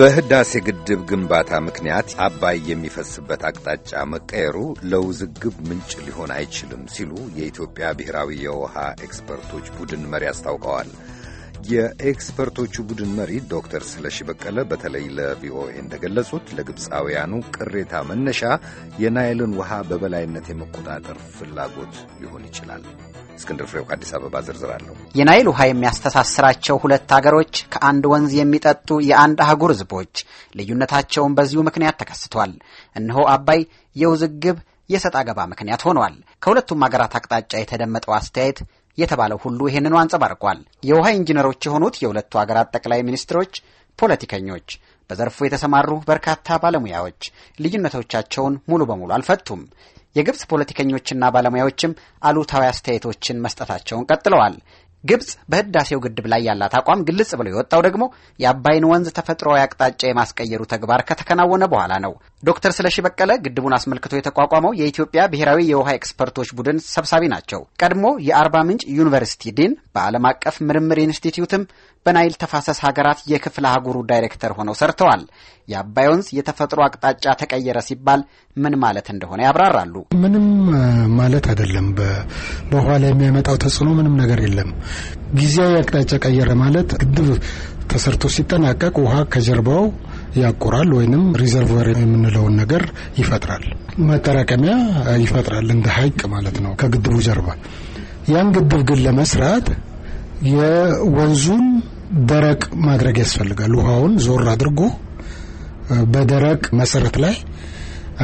በህዳሴ ግድብ ግንባታ ምክንያት አባይ የሚፈስበት አቅጣጫ መቀየሩ ለውዝግብ ምንጭ ሊሆን አይችልም ሲሉ የኢትዮጵያ ብሔራዊ የውሃ ኤክስፐርቶች ቡድን መሪ አስታውቀዋል። የኤክስፐርቶቹ ቡድን መሪ ዶክተር ስለሺ በቀለ በተለይ ለቪኦኤ እንደገለጹት ለግብፃውያኑ ቅሬታ መነሻ የናይልን ውሃ በበላይነት የመቆጣጠር ፍላጎት ሊሆን ይችላል። እስክንድር ፍሬው ከአዲስ አበባ ዝርዝር አለው። የናይል ውሃ የሚያስተሳስራቸው ሁለት ሀገሮች ከአንድ ወንዝ የሚጠጡ የአንድ አህጉር ህዝቦች ልዩነታቸውን በዚሁ ምክንያት ተከስቷል። እነሆ አባይ የውዝግብ የሰጥ አገባ ምክንያት ሆኗል። ከሁለቱም ሀገራት አቅጣጫ የተደመጠው አስተያየት የተባለው ሁሉ ይህንኑ አንጸባርቋል። የውሃ ኢንጂነሮች የሆኑት የሁለቱ ሀገራት ጠቅላይ ሚኒስትሮች ፖለቲከኞች፣ በዘርፉ የተሰማሩ በርካታ ባለሙያዎች ልዩነቶቻቸውን ሙሉ በሙሉ አልፈቱም። የግብፅ ፖለቲከኞችና ባለሙያዎችም አሉታዊ አስተያየቶችን መስጠታቸውን ቀጥለዋል። ግብፅ በህዳሴው ግድብ ላይ ያላት አቋም ግልጽ ብሎ የወጣው ደግሞ የአባይን ወንዝ ተፈጥሯዊ አቅጣጫ የማስቀየሩ ተግባር ከተከናወነ በኋላ ነው። ዶክተር ስለሺ በቀለ ግድቡን አስመልክቶ የተቋቋመው የኢትዮጵያ ብሔራዊ የውሃ ኤክስፐርቶች ቡድን ሰብሳቢ ናቸው። ቀድሞ የአርባ ምንጭ ዩኒቨርሲቲ ዲን፣ በዓለም አቀፍ ምርምር ኢንስቲትዩትም በናይል ተፋሰስ ሀገራት የክፍለ አህጉሩ ዳይሬክተር ሆነው ሰርተዋል። የአባይ ወንዝ የተፈጥሮ አቅጣጫ ተቀየረ ሲባል ምን ማለት እንደሆነ ያብራራሉ። ምንም ማለት አይደለም። በውሃ ላይ የሚያመጣው ተጽዕኖ ምንም ነገር የለም። ጊዜያዊ አቅጣጫ ቀየረ ማለት ግድብ ተሰርቶ ሲጠናቀቅ ውሃ ከጀርባው ያቆራል ወይንም ሪዘርቨር የምንለውን ነገር ይፈጥራል፣ መጠራቀሚያ ይፈጥራል፣ እንደ ሀይቅ ማለት ነው ከግድቡ ጀርባ። ያን ግድብ ግን ለመስራት የወንዙን ደረቅ ማድረግ ያስፈልጋል። ውሃውን ዞር አድርጎ በደረቅ መሰረት ላይ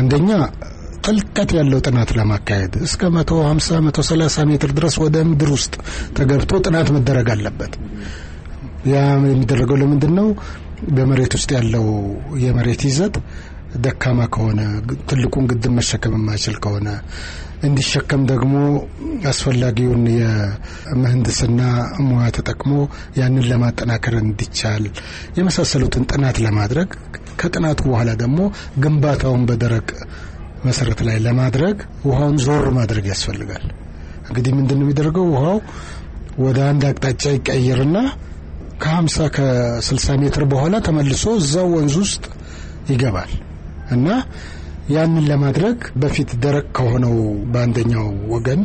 አንደኛ ጥልቀት ያለው ጥናት ለማካሄድ እስከ 150 130 ሜትር ድረስ ወደ ምድር ውስጥ ተገብቶ ጥናት መደረግ አለበት። ያ የሚደረገው ለምንድን ነው? በመሬት ውስጥ ያለው የመሬት ይዘት ደካማ ከሆነ ትልቁን ግድብ መሸከም የማይችል ከሆነ እንዲሸከም ደግሞ አስፈላጊውን የምህንድስና ሙያ ተጠቅሞ ያንን ለማጠናከር እንዲቻል የመሳሰሉትን ጥናት ለማድረግ ከጥናቱ በኋላ ደግሞ ግንባታውን በደረቅ መሰረት ላይ ለማድረግ ውሃውን ዞር ማድረግ ያስፈልጋል። እንግዲህ ምንድን ነው የሚደረገው? ውሃው ወደ አንድ አቅጣጫ ይቀየርና ከ50 ከ60 ሜትር በኋላ ተመልሶ እዛው ወንዝ ውስጥ ይገባል እና ያንን ለማድረግ በፊት ደረቅ ከሆነው በአንደኛው ወገን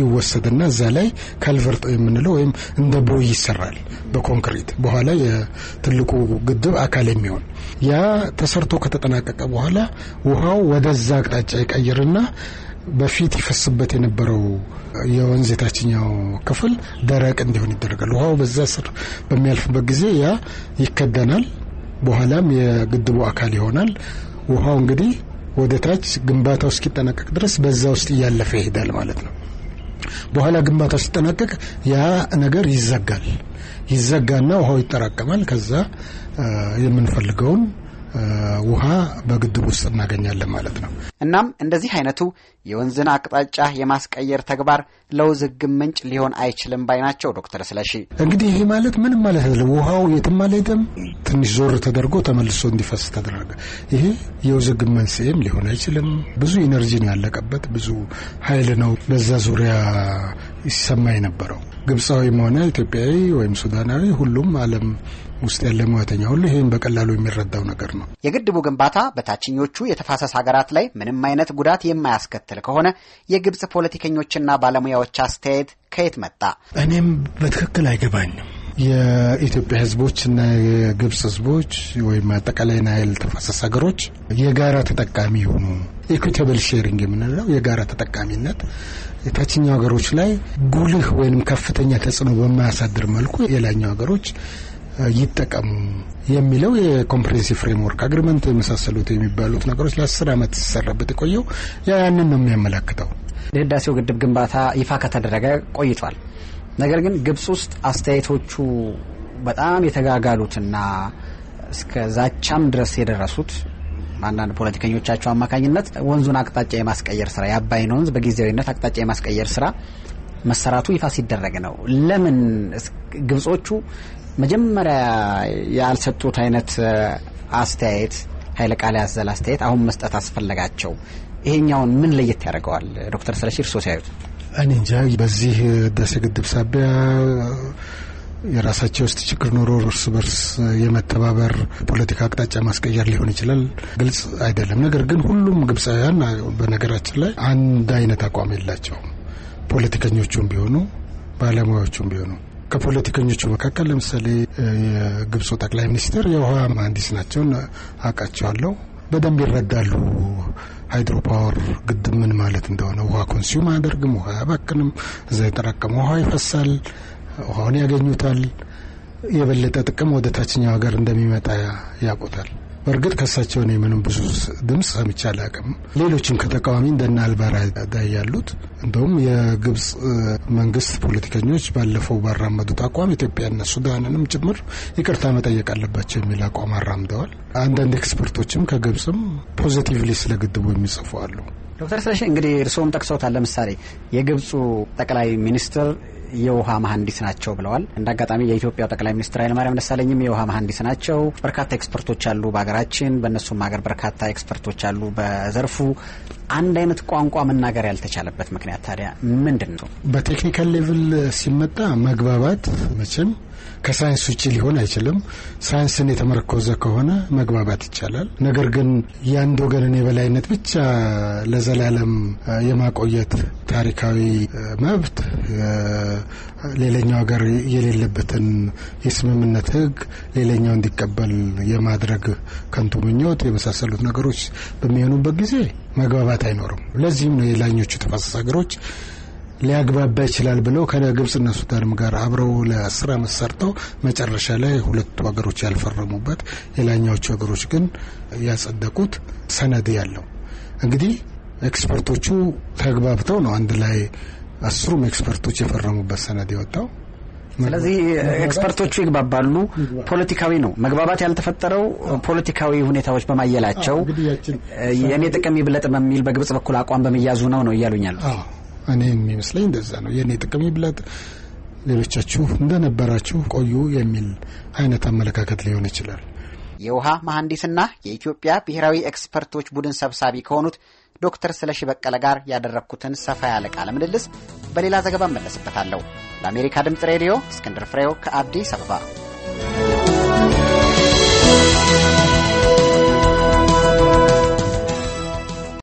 ይወሰድና እዛ ላይ ካልቨርት የምንለው ወይም እንደ ቦይ ይሰራል በኮንክሪት በኋላ የትልቁ ግድብ አካል የሚሆን ያ ተሰርቶ ከተጠናቀቀ በኋላ ውሃው ወደዛ አቅጣጫ ይቀይርና በፊት ይፈስበት የነበረው የወንዝ የታችኛው ክፍል ደረቅ እንዲሆን ይደረጋል። ውሃው በዛ ስር በሚያልፍበት ጊዜ ያ ይከደናል። በኋላም የግድቡ አካል ይሆናል። ውሃው እንግዲህ ወደ ታች ግንባታው እስኪጠናቀቅ ድረስ በዛ ውስጥ እያለፈ ይሄዳል ማለት ነው። በኋላ ግንባታው ሲጠናቀቅ ያ ነገር ይዘጋል። ይዘጋና ውሃው ይጠራቀማል። ከዛ የምንፈልገውን ውሃ በግድብ ውስጥ እናገኛለን ማለት ነው። እናም እንደዚህ አይነቱ የወንዝን አቅጣጫ የማስቀየር ተግባር ለውዝግብ ምንጭ ሊሆን አይችልም ባይ ናቸው ዶክተር ስለሺ። እንግዲህ ይህ ማለት ምንም ማለት አይደለም። ውሃው የትም አልሄደም፣ ትንሽ ዞር ተደርጎ ተመልሶ እንዲፈስ ተደረገ። ይሄ የውዝግብ መንስኤም ሊሆን አይችልም። ብዙ ኢነርጂ ነው ያለቀበት፣ ብዙ ኃይል ነው በዛ ዙሪያ ይሰማ የነበረው። ግብፃዊም ሆነ ኢትዮጵያዊ ወይም ሱዳናዊ ሁሉም አለም ውስጥ ያለ ሙያተኛ ሁሉ ይህን በቀላሉ የሚረዳው ነገር ነው። የግድቡ ግንባታ በታችኞቹ የተፋሰስ ሀገራት ላይ ምንም አይነት ጉዳት የማያስከትል ከሆነ የግብጽ ፖለቲከኞችና ባለሙያዎች አስተያየት ከየት መጣ? እኔም በትክክል አይገባኝም። የኢትዮጵያ ሕዝቦች እና የግብፅ ሕዝቦች ወይም አጠቃላይ ናይል ተፋሰስ ሀገሮች የጋራ ተጠቃሚ የሆኑ ኢኩቴብል ሼሪንግ የምንለው የጋራ ተጠቃሚነት የታችኛው ሀገሮች ላይ ጉልህ ወይም ከፍተኛ ተጽዕኖ በማያሳድር መልኩ የላኛው ሀገሮች ይጠቀሙ የሚለው የኮምፕሬንሲቭ ፍሬምወርክ አግሪመንት የመሳሰሉት የሚባሉት ነገሮች ለአስር ዓመት ሲሰራበት የቆየው ያንን ነው የሚያመላክተው። የህዳሴው ግድብ ግንባታ ይፋ ከተደረገ ቆይቷል። ነገር ግን ግብጽ ውስጥ አስተያየቶቹ በጣም የተጋጋሉትና እስከ ዛቻም ድረስ የደረሱት አንዳንድ ፖለቲከኞቻቸው አማካኝነት ወንዙን አቅጣጫ የማስቀየር ስራ የአባይን ወንዝ በጊዜያዊነት አቅጣጫ የማስቀየር ስራ መሰራቱ ይፋ ሲደረግ ነው። ለምን ግብጾቹ መጀመሪያ ያልሰጡት አይነት አስተያየት ኃይለ ቃል ያዘል አስተያየት አሁን መስጠት አስፈለጋቸው? ይሄኛውን ምን ለየት ያደርገዋል? ዶክተር ስለሺ እርስዎ ሲያዩት። እኔ እንጃ በዚህ ህዳሴ ግድብ ሳቢያ የራሳቸው ውስጥ ችግር ኖሮ እርስ በርስ የመተባበር ፖለቲካ አቅጣጫ ማስቀየር ሊሆን ይችላል። ግልጽ አይደለም። ነገር ግን ሁሉም ግብፃውያን በነገራችን ላይ አንድ አይነት አቋም የላቸውም። ፖለቲከኞቹም ቢሆኑ ባለሙያዎቹም ቢሆኑ ከፖለቲከኞቹ መካከል ለምሳሌ የግብፁ ጠቅላይ ሚኒስትር የውሃ መሀንዲስ ናቸውን አውቃቸዋለሁ። በደንብ ይረዳሉ። ሃይድሮ ፓወር ግድብ ምን ማለት እንደሆነ ውሃ ኮንሱም አያደርግም፣ ውሃ አያባክንም። እዛ የተራቀመ ውሃ ይፈሳል፣ ውሃውን ያገኙታል። የበለጠ ጥቅም ወደ ታችኛው ሀገር እንደሚመጣ ያውቁታል። በእርግጥ ከሳቸውን የምንም ብዙ ድምፅ ሰምቼ አላቅም። ሌሎችም ከተቃዋሚ እንደነ አልባራዳ ያሉት እንደውም የግብፅ መንግስት ፖለቲከኞች ባለፈው ባራመዱት አቋም ኢትዮጵያና ሱዳንንም ጭምር ይቅርታ መጠየቅ አለባቸው የሚል አቋም አራምደዋል። አንዳንድ ኤክስፐርቶችም ከግብፅም ፖዚቲቭ ስለ ግድቡ የሚጽፉ አሉ። ዶክተር ስለሺ እንግዲህ እርስዎም ጠቅሰውታል። ለምሳሌ የግብፁ ጠቅላይ ሚኒስትር የውሃ መሀንዲስ ናቸው ብለዋል። እንደ አጋጣሚ የኢትዮጵያው ጠቅላይ ሚኒስትር ኃይለማርያም ደሳለኝም የውሃ መሀንዲስ ናቸው። በርካታ ኤክስፐርቶች አሉ በሀገራችን፣ በእነሱም ሀገር በርካታ ኤክስፐርቶች አሉ በዘርፉ። አንድ አይነት ቋንቋ መናገር ያልተቻለበት ምክንያት ታዲያ ምንድን ነው? በቴክኒካል ሌቭል ሲመጣ መግባባት መቼም ከሳይንስ ውጭ ሊሆን አይችልም። ሳይንስን የተመረኮዘ ከሆነ መግባባት ይቻላል። ነገር ግን የአንድ ወገንን የበላይነት ብቻ ለዘላለም የማቆየት ታሪካዊ መብት ሌላኛው ሀገር የሌለበትን የስምምነት ሕግ ሌላኛው እንዲቀበል የማድረግ ከንቱ ምኞት የመሳሰሉት ነገሮች በሚሆኑበት ጊዜ መግባባት አይኖርም። ለዚህም ነው የላኞቹ ተፋሰስ ሀገሮች ሊያግባባ ይችላል ብለው ከግብፅና ሱዳንም ጋር አብረው ለአስር ዓመት ሰርተው መጨረሻ ላይ ሁለቱ ሀገሮች ያልፈረሙበት የላኛዎቹ ሀገሮች ግን ያጸደቁት ሰነድ ያለው እንግዲህ ኤክስፐርቶቹ ተግባብተው ነው አንድ ላይ አስሩም ኤክስፐርቶች የፈረሙበት ሰነድ የወጣው። ስለዚህ ኤክስፐርቶቹ ይግባባሉ። ፖለቲካዊ ነው መግባባት ያልተፈጠረው ፖለቲካዊ ሁኔታዎች በማየላቸው የእኔ ጥቅም ይብለጥ በሚል በግብጽ በኩል አቋም በመያዙ ነው ነው እያሉኛል። እኔ የሚመስለኝ እንደዛ ነው። የእኔ ጥቅም ይብለጥ፣ ሌሎቻችሁ እንደነበራችሁ ቆዩ የሚል አይነት አመለካከት ሊሆን ይችላል። የውሃ መሐንዲስና የኢትዮጵያ ብሔራዊ ኤክስፐርቶች ቡድን ሰብሳቢ ከሆኑት ዶክተር ስለሺ በቀለ ጋር ያደረግኩትን ሰፋ ያለ ቃለ ምልልስ በሌላ ዘገባ መለስበታለሁ። ለአሜሪካ ድምፅ ሬዲዮ እስክንድር ፍሬው ከአዲስ አበባ